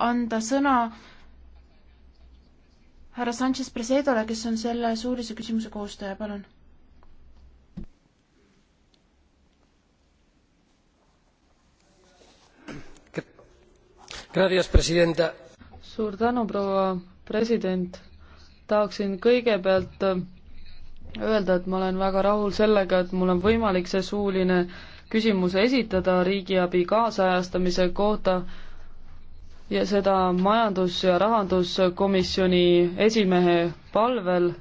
anda sõna härra Sanchez Presedole, kes on selle suulise küsimuse koostaja, palun. suur tänu, proua president. tahaksin kõigepealt öelda, et ma olen väga rahul sellega, et mul on võimalik see suuline küsimus esitada riigiabi kaasajastamise kohta ja seda majandus- ja rahanduskomisjoni esimehe palvel,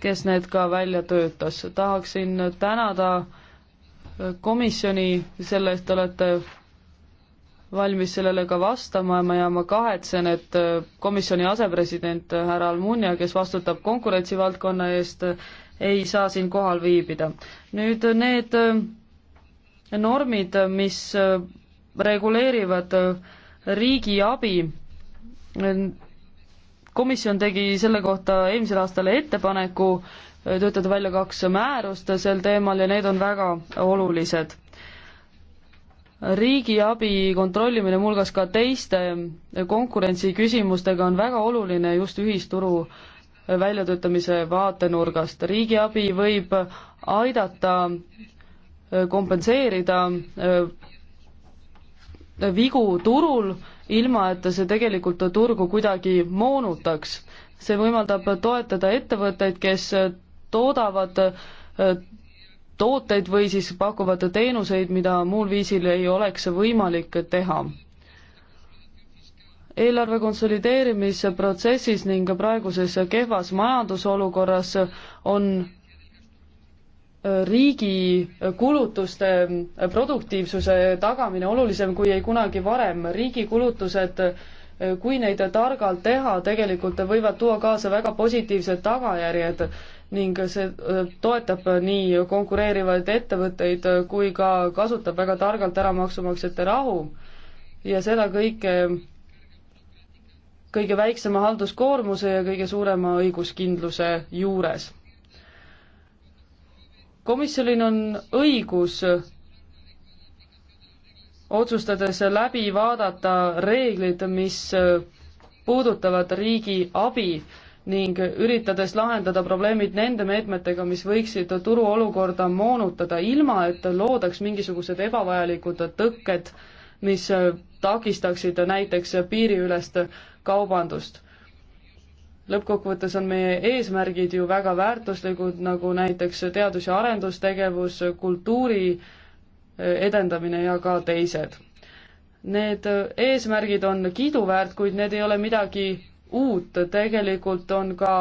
kes need ka välja töötas. tahaksin tänada komisjoni selle eest, te olete valmis sellele ka vastama ja ma kahetsen, et komisjoni asepresident härra Almunia, kes vastutab konkurentsivaldkonna eest, ei saa siin kohal viibida. nüüd need normid, mis reguleerivad äh, riigiabi. komisjon tegi selle kohta eelmisel aastal ettepaneku äh, töötada välja kaks määrust sel teemal ja need on väga olulised. riigiabi kontrollimine muuhulgas ka teiste äh, konkurentsiküsimustega on väga oluline just ühisturu väljatöötamise vaatenurgast. riigiabi võib aidata kompenseerida vigu turul, ilma et see tegelikult turgu kuidagi moonutaks. see võimaldab toetada ettevõtteid, kes toodavad äh, tooteid või siis pakuvad teenuseid, mida muul viisil ei oleks võimalik teha. eelarve konsolideerimise protsessis ning praeguses kehvas majandusolukorras on riigi kulutuste produktiivsuse tagamine olulisem kui ei kunagi varem. riigi kulutused, kui neid targalt teha, tegelikult võivad tuua kaasa väga positiivsed tagajärjed ning see äh, toetab nii konkureerivaid ettevõtteid kui ka kasutab väga targalt ära maksumaksjate rahu ja seda kõike kõige väiksema halduskoormuse ja kõige suurema õiguskindluse juures komisjonil on õigus otsustades läbi vaadata reeglid, mis puudutavad riigi abi ning üritades lahendada probleemid nende meetmetega, mis võiksid turuolukorda moonutada, ilma et loodaks mingisugused ebavajalikud tõkked, mis takistaksid näiteks piiriülest kaubandust lõppkokkuvõttes on meie eesmärgid ju väga väärtuslikud, nagu näiteks teadus- ja arendustegevus, kultuuri eh, edendamine ja ka teised. Need eh, eesmärgid on kiiduväärt, kuid need ei ole midagi uut, tegelikult on ka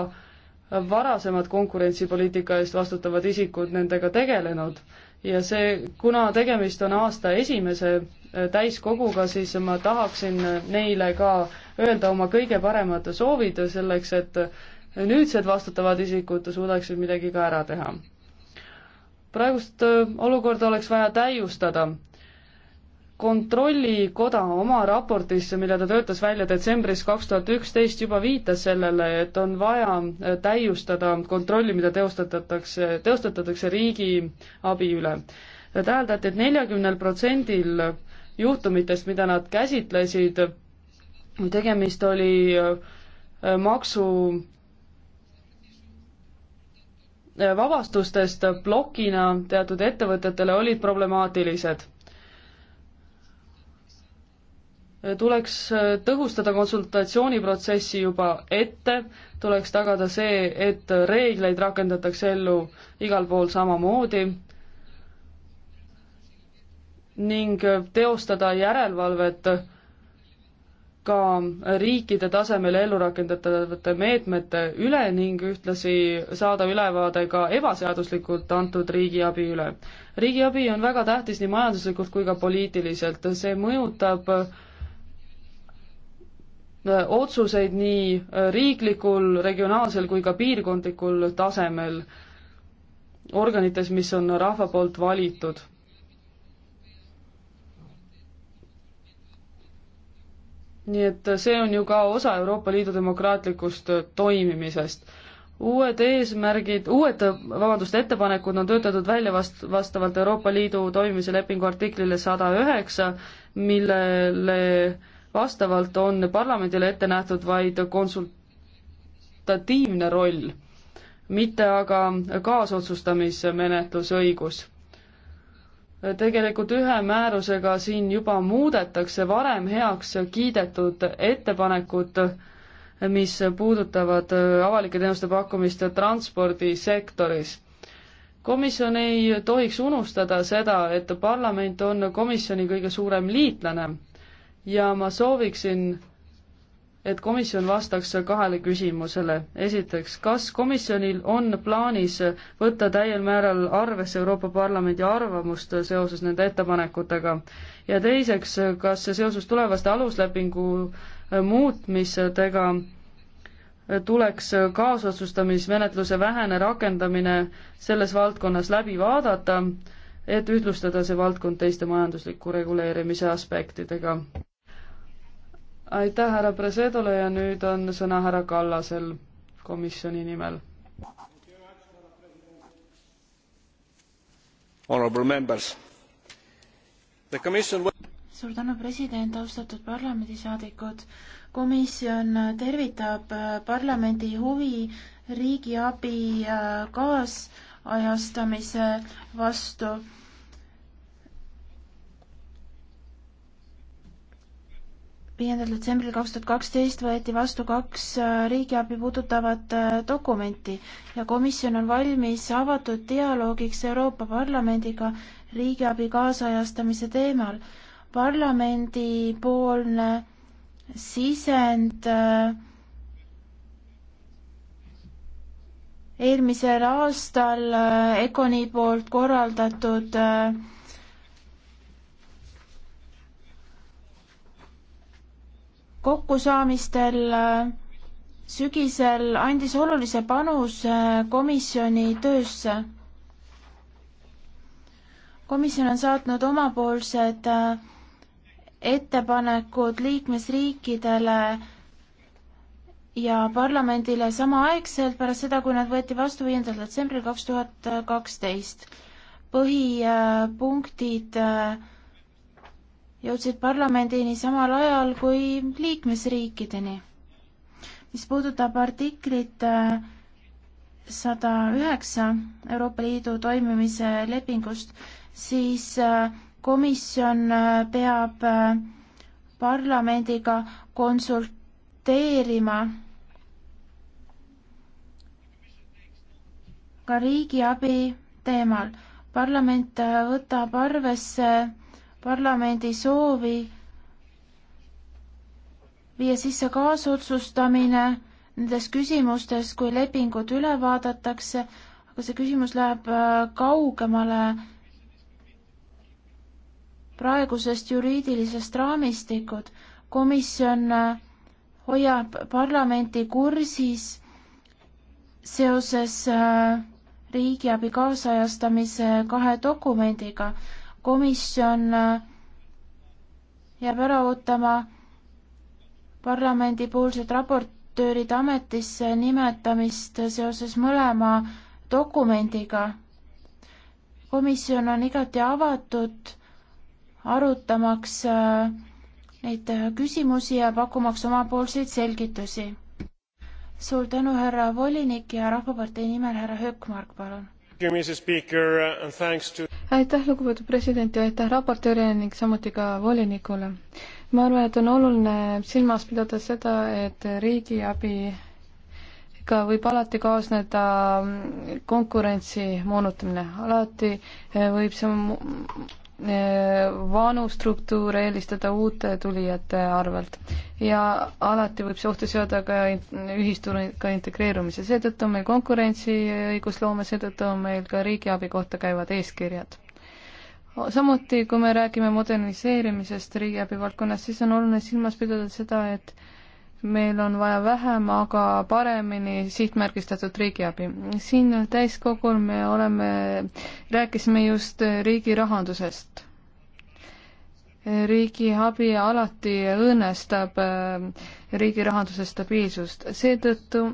varasemad konkurentsipoliitika eest vastutavad isikud nendega tegelenud ja see, kuna tegemist on aasta esimese eh, täiskoguga, siis ma tahaksin neile ka äh, öelda oma kõige paremad soovid selleks, et nüüdsed vastutavad isikud suudaksid midagi ka ära teha. praegust äh, olukorda oleks vaja täiustada. kontrollikoda oma raportisse, mille ta töötas välja detsembris kaks tuhat üksteist, juba viitas sellele, et on vaja äh, täiustada kontrolli, mida teostatakse, teostatakse riigiabi üle täheldati et, et neljakümnel protsendil juhtumitest, mida nad käsitlesid, tegemist oli äh, maksu äh, vabastustest plokina teatud ettevõtetele olid problemaatilised. tuleks äh, tõhustada konsultatsiooniprotsessi juba ette, tuleks tagada see, et reegleid rakendatakse ellu igal pool samamoodi ning teostada järelevalvet ka riikide tasemel ellu rakendatavate meetmete üle ning ühtlasi saada ülevaade ka ebaseaduslikult antud riigiabi üle. riigiabi on väga tähtis nii majanduslikult kui ka poliitiliselt, see mõjutab äh, otsuseid nii äh, riiklikul, regionaalsel kui ka piirkondlikul tasemel organites, mis on rahva poolt valitud nii et see on ju ka osa Euroopa Liidu demokraatlikust äh, toimimisest. uued eesmärgid, uued, äh, vabandust, ettepanekud on töötatud välja vast-, vastavalt Euroopa Liidu toimimise lepingu artiklile sada üheksa, millele vastavalt on parlamendile ette nähtud vaid konsultatiivne roll, mitte aga kaasotsustamismenetlusõigus tegelikult ühe määrusega siin juba muudetakse varem heaks kiidetud ettepanekud, mis puudutavad äh, avalike teenuste pakkumist transpordisektoris. komisjon ei tohiks unustada seda, et parlament on komisjoni kõige suurem liitlane ja ma sooviksin et komisjon vastaks kahele küsimusele. esiteks, kas komisjonil on plaanis võtta täiel määral arvesse Euroopa Parlamendi arvamust seoses nende ettepanekutega? ja teiseks, kas seoses tulevaste aluslepingu muutmistega tuleks kaasotsustamismenetluse vähene rakendamine selles valdkonnas läbi vaadata, et ühtlustada see valdkond teiste majandusliku reguleerimise aspektidega? aitäh härra Presedole ja nüüd on sõna härra Kallasel komisjoni nimel. suur tänu, president, austatud parlamendisaadikud. komisjon tervitab äh, parlamendi huvi riigiabi äh, kaasajastamise vastu viiendal detsembril kaks tuhat kaksteist võeti vastu kaks äh, riigiabi puudutavat äh, dokumenti ja komisjon on valmis avatud dialoogiks Euroopa Parlamendiga riigiabi kaasajastamise teemal. parlamendipoolne sisend äh, eelmisel aastal ECONi poolt korraldatud äh, kokkusaamistel sügisel andis olulise panuse komisjoni töösse. komisjon on saatnud omapoolsed äh, ettepanekud liikmesriikidele ja parlamendile samaaegselt pärast seda, kui nad võeti vastu viiendal detsembril kaks tuhat kaksteist. põhipunktid äh, jõudsid parlamendini samal ajal kui liikmesriikideni. mis puudutab artiklit äh, sada üheksa Euroopa Liidu toimimise lepingust, siis äh, komisjon äh, peab parlamendiga konsulteerima ka riigiabi teemal. parlament võtab arvesse parlamendi soovi viia sisse kaasotsustamine nendes küsimustes, kui lepingud üle vaadatakse, aga see küsimus läheb äh, kaugemale praegusest juriidilisest raamistikud. komisjon äh, hoiab parlamenti kursis seoses äh, riigiabi kaasajastamise kahe dokumendiga komisjon äh, jääb ära ootama parlamendipoolset raportööride ametisse nimetamist seoses mõlema dokumendiga. komisjon on igati avatud arutamaks äh, neid küsimusi ja pakkumaks omapoolseid selgitusi. suur tänu, härra volinik ja Rahvapartei nimel härra Höökmark, palun Uh, aitäh, lugupeetud president ja aitäh raportöörile ning samuti ka volinikule. ma arvan, et on oluline silmas pidada seda, et riigiabi ikka võib alati kaasneda konkurentsi moonutamine, alati eh, võib see vanu struktuure eelistada uute tulijate arvelt. ja alati võib see ohtu seada ka ühisturuga integreerumise, seetõttu on meil konkurentsi õigusloome, seetõttu on meil ka riigiabi kohta käivad eeskirjad samuti, kui me räägime moderniseerimisest riigiabi valdkonnas, siis on oluline silmas pidada seda, et meil on vaja vähem, aga paremini sihtmärgistatud riigiabi. siin täiskogul me oleme, rääkisime just riigi rahandusest. riigiabi alati õõnestab äh, riigi rahanduse stabiilsust, seetõttu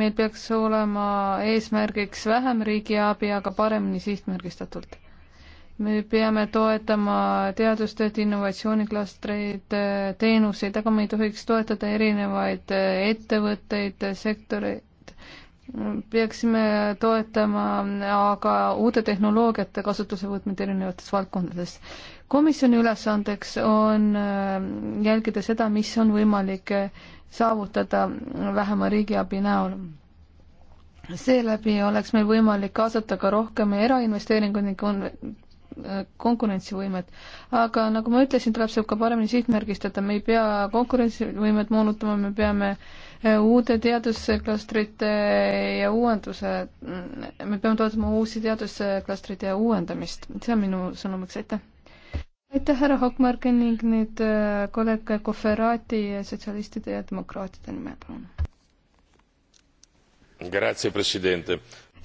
meil peaks olema eesmärgiks vähem riigiabi, aga paremini sihtmärgistatult me peame toetama teadustööd, innovatsiooniklastreid, teenuseid, aga me ei tohiks toetada erinevaid ettevõtteid, sektoreid. peaksime toetama aga uute tehnoloogiate kasutuse võtmine erinevates valdkondades. komisjoni ülesandeks on äh, jälgida seda, mis on võimalik äh, saavutada vähema riigiabi näol seeläbi oleks meil võimalik kaasata ka rohkem erainvesteeringuid ning konkurentsivõimet. aga nagu ma ütlesin, tuleb see ka paremini sihtmärgistada, me ei pea konkurentsivõimet moonutama, me peame äh, uude teadusklastrite äh, ja uuenduse, mm, me peame toetama uusi teadusklastreid ja uuendamist, see on minu sõnumiks, aitäh! aitäh, härra Hokmark ning nüüd äh, kolleeg Koferaati sotsialistide ja demokraatide nimel, palun!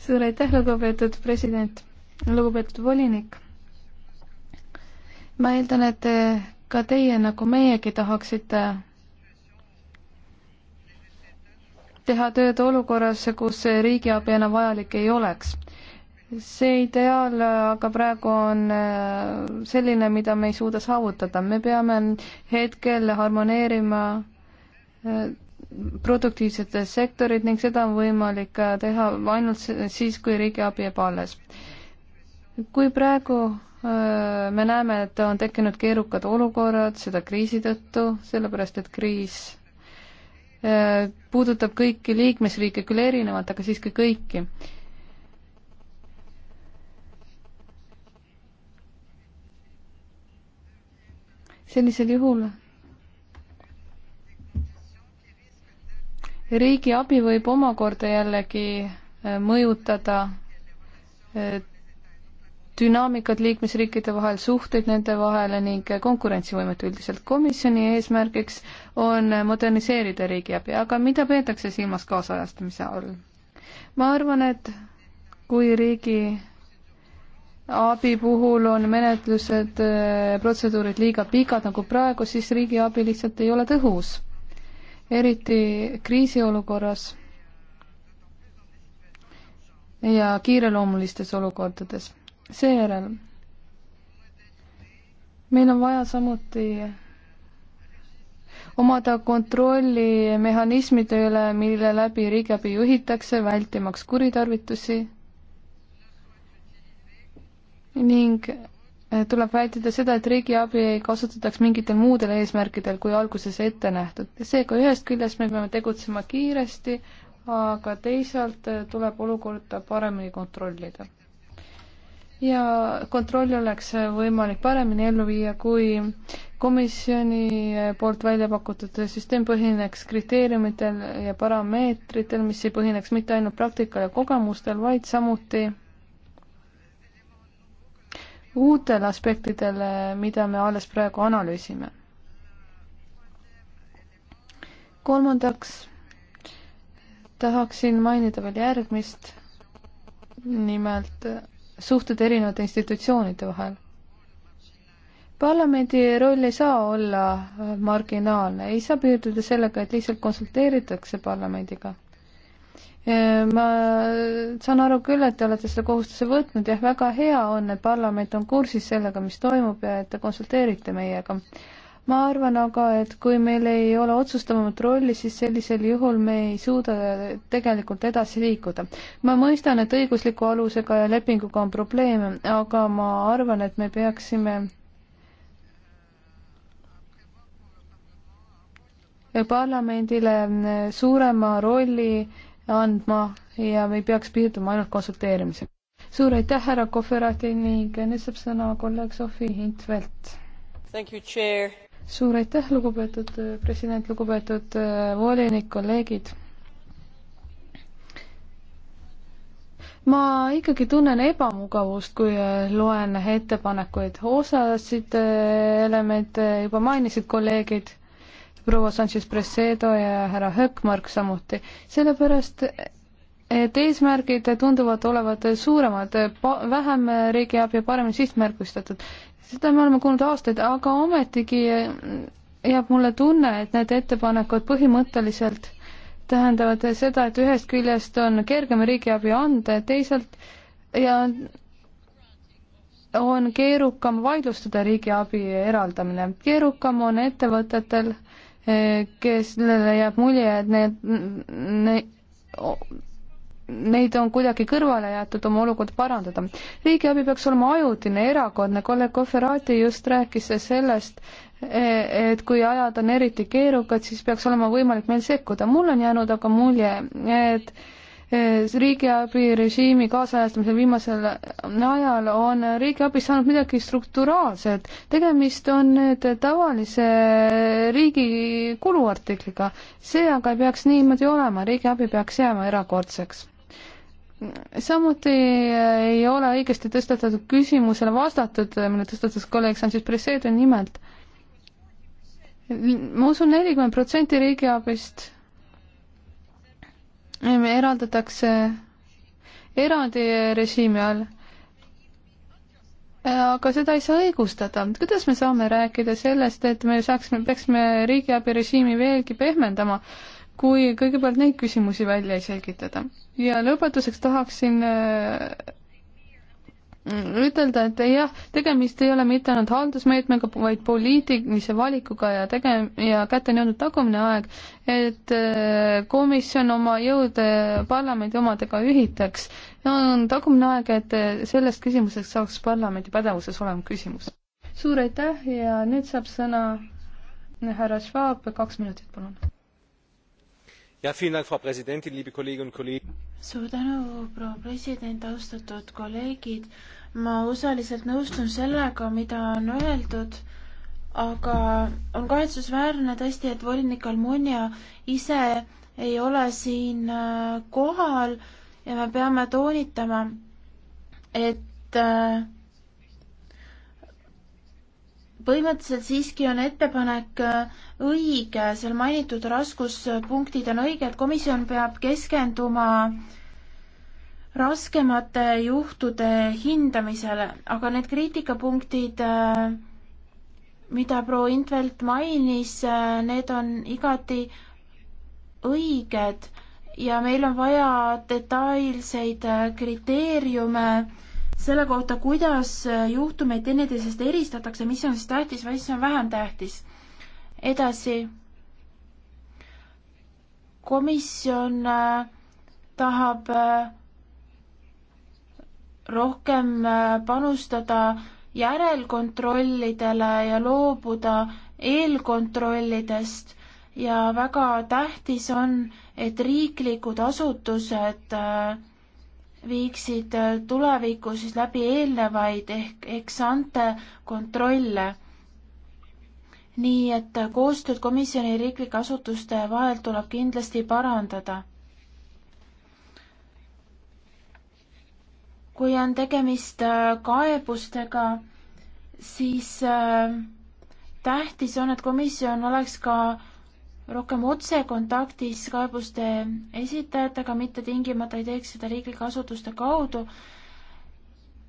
suur aitäh, lugupeetud president, lugupeetud volinik ma eeldan, et ka teie nagu meiegi tahaksite teha tööd olukorras, kus riigiabi enam vajalik ei oleks. see ideaal aga praegu on äh, selline, mida me ei suuda saavutada, me peame hetkel harmoneerima äh, produktiivsed sektorid ning seda on võimalik äh, teha ainult siis, kui riigiabi jääb alles kui praegu me näeme, et on tekkinud keerukad olukorrad seda kriisi tõttu, sellepärast et kriis puudutab kõiki liikmesriike küll erinevalt, aga siiski kõiki. sellisel juhul riigi abi võib omakorda jällegi mõjutada dünaamikat liikmesriikide vahel, suhteid nende vahele ning konkurentsivõimet üldiselt. komisjoni eesmärgiks on moderniseerida riigiabi, aga mida peetakse silmas kaasajastamise all? ma arvan, et kui riigi abi puhul on menetlused, äh, protseduurid liiga pikad nagu praegu, siis riigiabi lihtsalt ei ole tõhus. eriti kriisiolukorras ja kiireloomulistes olukordades seejärel meil on vaja samuti omada kontrolli mehhanismide üle, mille läbi riigiabi juhitakse, vältimaks kuritarvitusi ning eh, tuleb vältida seda, et riigiabi ei kasutataks mingitel muudel eesmärkidel, kui alguses ette nähtud. seega ühest küljest me peame tegutsema kiiresti, aga teisalt eh, tuleb olukorda paremini kontrollida ja kontrolli oleks võimalik paremini ellu viia, kui komisjoni poolt välja pakutud süsteem põhineks kriteeriumitel ja parameetritel, mis ei põhineks mitte ainult praktikal ja kogemustel, vaid samuti uutele aspektidele, mida me alles praegu analüüsime. kolmandaks tahaksin mainida veel järgmist, nimelt suhted erinevate institutsioonide vahel. parlamendi roll ei saa olla äh, marginaalne, ei saa piirduda sellega, et lihtsalt konsulteeritakse parlamendiga. Äh, ma saan aru küll, et te olete selle kohustuse võtnud, jah, väga hea on, et parlament on kursis sellega, mis toimub ja et te konsulteerite meiega ma arvan aga, et kui meil ei ole otsustavamat rolli, siis sellisel juhul me ei suuda tegelikult edasi liikuda. ma mõistan, et õigusliku alusega ja lepinguga on probleeme, aga ma arvan, et me peaksime parlamendile suurema rolli andma ja me ei peaks piirduma ainult konsulteerimisega. suur aitäh, härra Kohverati ning nüüd saab sõna kolleeg Sofi Intvelt. Thank you, Chair suur aitäh, lugupeetud äh, president, lugupeetud äh, volinik, kolleegid. ma ikkagi tunnen ebamugavust, kui äh, loen ettepanekuid, osasid elemente juba mainisid kolleegid, proua Sanchez-Presedo ja härra Höökmark samuti, sellepärast et eesmärgid tunduvad olevat suuremad, vähem riigiabi ja paremini sihtmärgistatud seda me oleme kuulnud aastaid, aga ometigi jääb mulle tunne, et need ettepanekud põhimõtteliselt tähendavad seda, et ühest küljest on kergem riigiabi anda ja teisalt ja on keerukam vaidlustada riigiabi eraldamine. keerukam on ettevõtetel, kes, eh, kellele jääb mulje, et need, need neid on kuidagi kõrvale jäetud oma olukorda parandada. riigiabi peaks olema ajutine, erakordne, kolleeg Kohverati just rääkis sellest, e, et kui ajad on eriti keerukad, siis peaks olema võimalik meil sekkuda. mul on jäänud aga mulje, et e, riigiabi režiimi kaasajastamisel viimasel ajal on riigiabist saanud midagi strukturaalset. tegemist on nüüd tavalise riigi kuluartikliga. see aga ei peaks niimoodi olema, riigiabi peaks jääma erakordseks samuti ei ole õigesti tõstatatud küsimusele vastatud, mille tõstatas kolleeg Sanchez Presedo nimelt. ma usun, nelikümmend protsenti riigiabist eraldatakse eraldi režiimi all. aga seda ei saa õigustada. kuidas me saame rääkida sellest, et me saaksime, peaksime riigiabi režiimi veelgi pehmendama äh, kui kõigepealt neid küsimusi välja ei selgitada. ja lõpetuseks tahaksin äh, ütelda, et jah, tegemist ei ole mitte ainult haldusmeetmega, vaid poliitilise valikuga ja tege- ja kätte on jõudnud tagumine aeg, et äh, komisjon oma jõud parlamendi omadega ühitaks. on tagumine aeg, et äh, sellest küsimusest saaks parlamendi pädevuses olema küsimus. suur aitäh ja nüüd saab sõna härra Schwab, kaks minutit, palun frau präsidentin liebe kolleginnen und kollegen! suur tänu proua president austatud kolleegid ma osaliselt nõustun sellega mida on öeldud aga on kahetsusväärne tõesti et volinik Almunia ise ei ole siin äh, kohal ja me peame toonitama et äh, põhimõtteliselt siiski on ettepanek äh, õige, seal mainitud raskuspunktid on õiged, komisjon peab keskenduma raskemate juhtude hindamisele, aga need kriitikapunktid, äh, mida proua Intvelt mainis, äh, need on igati õiged ja meil on vaja detailseid kriteeriume selle kohta, kuidas juhtumeid teineteisest eristatakse, mis on siis tähtis või mis on vähem tähtis. edasi. komisjon äh, tahab äh, rohkem äh, panustada järelkontrollidele ja loobuda eelkontrollidest ja väga tähtis on, et riiklikud asutused äh, viiksid äh, tulevikus siis läbi eelnevaid ehk eksante kontrolle. nii et koostööd komisjoni ja riiklike asutuste vahel tuleb kindlasti parandada. kui on tegemist äh, kaebustega, siis äh, tähtis on, et komisjon oleks ka äh, rohkem otsekontaktis kaebuste esitajatega, mitte tingimata ei teeks seda riiklike asutuste kaudu.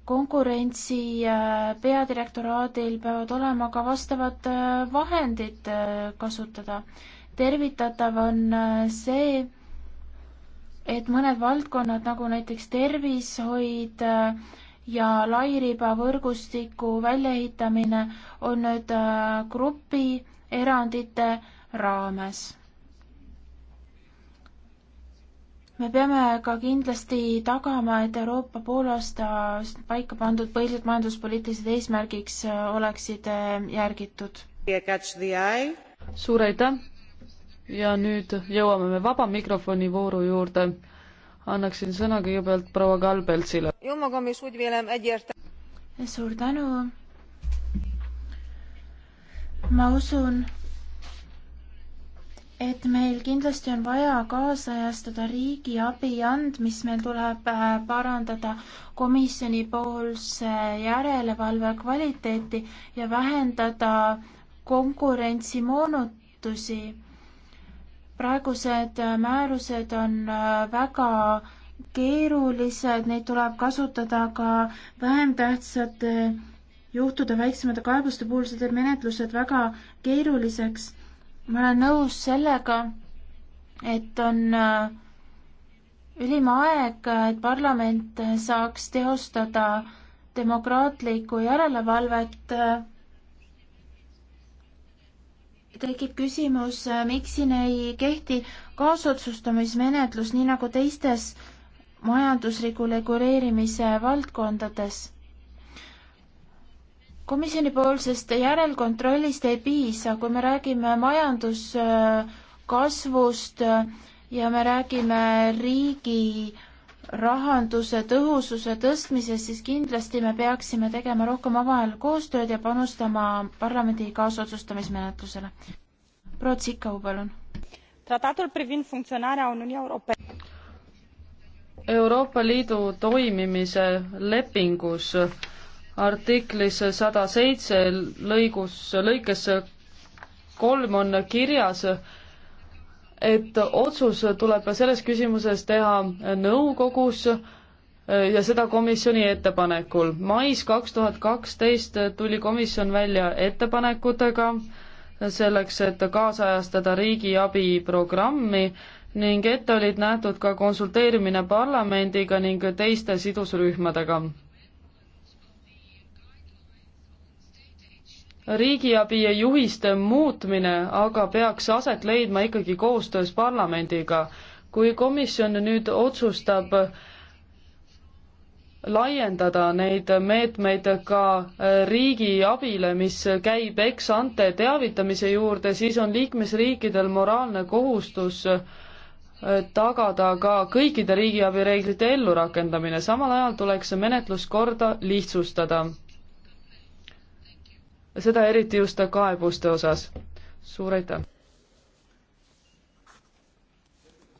konkurentsi äh, peadirektoraadil peavad olema ka vastavad äh, vahendid äh, kasutada. tervitatav on see, et mõned valdkonnad nagu näiteks tervishoid ja lairibavõrgustiku väljaehitamine on nüüd grupi erandite raames. me peame ka kindlasti tagama, et Euroopa poolaasta paika pandud põhilised majanduspoliitilised eesmärgiks äh, oleksid äh, järgitud. suur aitäh ja nüüd jõuame me vaba mikrofoni vooru juurde. annaksin sõna kõigepealt proua Kalbeltsile. suur tänu. ma usun, et meil kindlasti on vaja kaasajastada riigiabi andmist, meil tuleb äh, parandada komisjonipoolse järelevalve kvaliteeti ja vähendada konkurentsimoonutusi. praegused äh, määrused on äh, väga keerulised, neid tuleb kasutada ka vähem tähtsate juhtude väiksemate kaebuste puhul, see teeb menetlused väga keeruliseks ma olen nõus sellega, et on äh, ülim aeg, et parlament saaks teostada demokraatlikku järelevalvet. tekib küsimus, äh, miks siin ei kehti kaasotsustamismenetlus, nii nagu teistes majandusliku reguleerimise valdkondades komisjonipoolsest järelkontrollist ei piisa, kui me räägime majanduskasvust ja me räägime riigi rahanduse tõhususe tõstmisest, siis kindlasti me peaksime tegema rohkem omavahel koostööd ja panustama parlamendi kaasotsustamismenetlusele. proua Tsikau, palun. tratatul privind funktsionaaria Uniunii Europene. Euroopa Liidu toimimise lepingus artiklis sada seitse lõigus, lõikes kolm on kirjas, et otsus tuleb selles küsimuses teha nõukogus ja seda komisjoni ettepanekul. mais kaks tuhat kaksteist tuli komisjon välja ettepanekutega selleks, et kaasajastada riigiabi programmi ning ette olid nähtud ka konsulteerimine parlamendiga ning teiste sidusrühmadega. riigiabi juhiste muutmine aga peaks aset leidma ikkagi koostöös parlamendiga. kui komisjon nüüd otsustab laiendada neid meetmeid ka äh, riigiabile, mis käib ex-ante teavitamise juurde, siis on liikmesriikidel moraalne kohustus äh, tagada ka kõikide riigiabi reeglite ellurakendamine, samal ajal tuleks menetluskorda lihtsustada seda eriti just kaebuste osas. suur aitäh!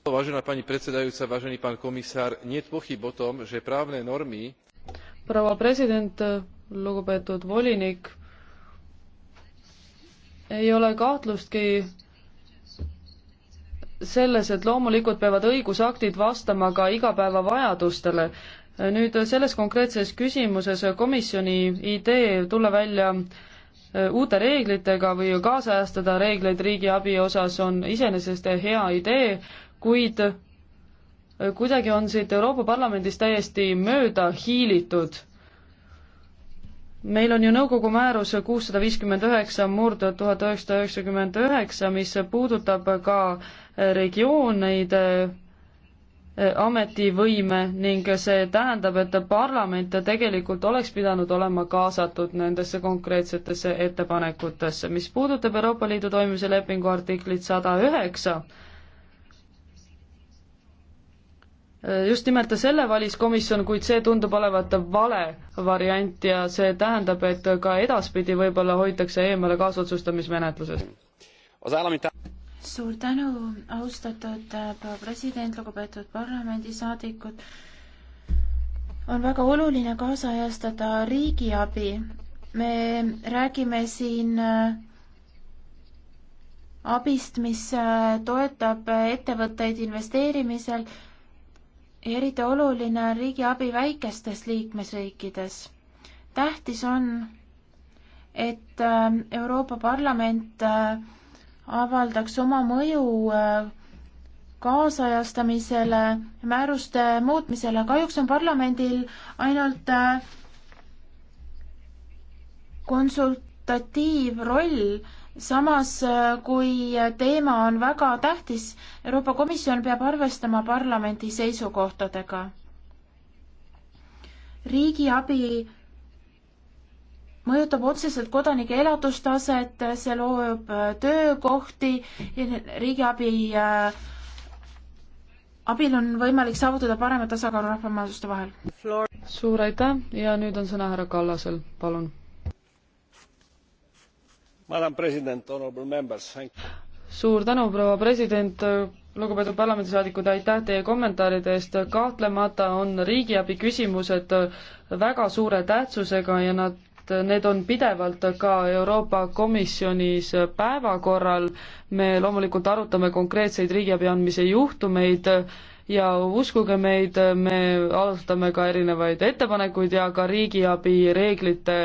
vážená pani predsedajúca vážený pán komisár niet pochýb o tom že právne normy proua president lugupeetud volinik ei ole kahtlustki selles et loomulikult peavad õigusaktid vastama ka igapäevavajadustele nüüd selles konkreetses küsimuses komisjoni idee tulla välja Äh, uute reeglitega või kaasajastada reegleid riigiabi osas on iseenesest hea idee, kuid äh, kuidagi on siit Euroopa Parlamendis täiesti mööda hiilitud. meil on ju nõukogu määrus kuussada viiskümmend üheksa murd tuhat üheksasada üheksakümmend üheksa, mis puudutab ka äh, regiooneid Äh, ametivõime ning see tähendab, et parlament tegelikult oleks pidanud olema kaasatud nendesse konkreetsetesse ettepanekutesse. mis puudutab Euroopa Liidu toimimise lepingu artiklit sada üheksa, äh, just nimelt selle valis komisjon, kuid see tundub olevat vale variant ja see tähendab, et ka edaspidi võib-olla hoitakse eemale kaasotsustamismenetlusest suur tänu, austatud äh, proua president, lugupeetud parlamendisaadikud. on väga oluline kaasajastada riigiabi. me räägime siin äh, abist, mis äh, toetab ettevõtteid investeerimisel ja eriti oluline on riigiabi väikestes liikmesriikides. tähtis on, et Euroopa Parlament äh, avaldaks oma mõju äh, kaasajastamisele, määruste muutmisele, kahjuks on parlamendil ainult äh, konsultatiivroll, samas äh, kui teema on väga tähtis, Euroopa Komisjon peab arvestama parlamendi seisukohtadega. riigiabi mõjutab otseselt kodanike elatustaset, see loob äh, töökohti, riigiabi äh, abil on võimalik saavutada paremat tasakaalu rahvamajanduste vahel. suur aitäh ja nüüd on sõna härra Kallasel, palun. suur tänu, proua president, lugupeetud parlamendisaadikud, aitäh teie kommentaaride eest, kahtlemata on riigiabi küsimused väga suure tähtsusega ja nad need on pidevalt ka Euroopa Komisjonis päevakorral. me loomulikult arutame konkreetseid riigiabi andmise juhtumeid ja uskuge meid, me alustame ka erinevaid ettepanekuid ja ka riigiabi reeglite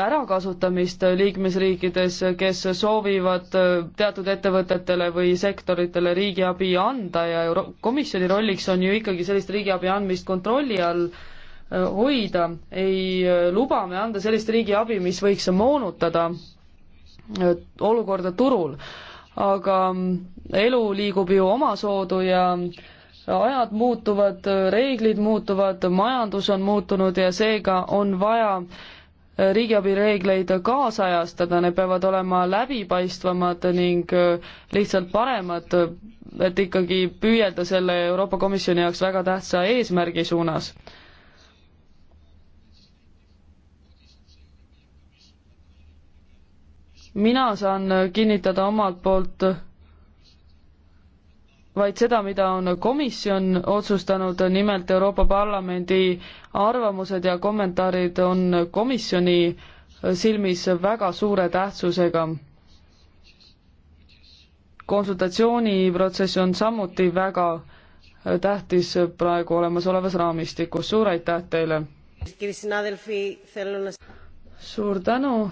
ärakasutamist liikmesriikides, kes soovivad teatud ettevõtetele või sektoritele riigiabi anda ja Euro-, komisjoni rolliks on ju ikkagi sellist riigiabi andmist kontrolli all hoida, ei luba me anda sellist riigiabi, mis võiks moonutada äh, olukorda turul. aga mm, elu liigub ju omasoodu ja äh, ajad muutuvad, äh, reeglid muutuvad, majandus on muutunud ja seega on vaja riigiabireegleid kaasajastada, need peavad olema läbipaistvamad ning lihtsalt paremad, et ikkagi püüelda selle Euroopa Komisjoni jaoks väga tähtsa eesmärgi suunas. mina saan kinnitada omalt poolt vaid seda, mida on komisjon otsustanud, nimelt Euroopa Parlamendi arvamused ja kommentaarid on komisjoni silmis väga suure tähtsusega. konsultatsiooniprotsess on samuti väga tähtis praegu olemasolevas raamistikus, suur aitäh teile! suur tänu,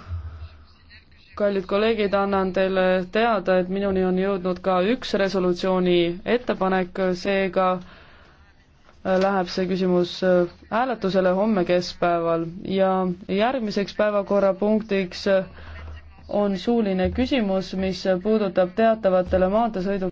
kallid kolleegid, annan teile teada, et minuni on jõudnud ka üks resolutsiooni ettepanek, seega äh, läheb see küsimus äh, hääletusele homme keskpäeval ja järgmiseks päevakorrapunktiks äh, on suuline küsimus, mis puudutab teatavatele maanteesõidu-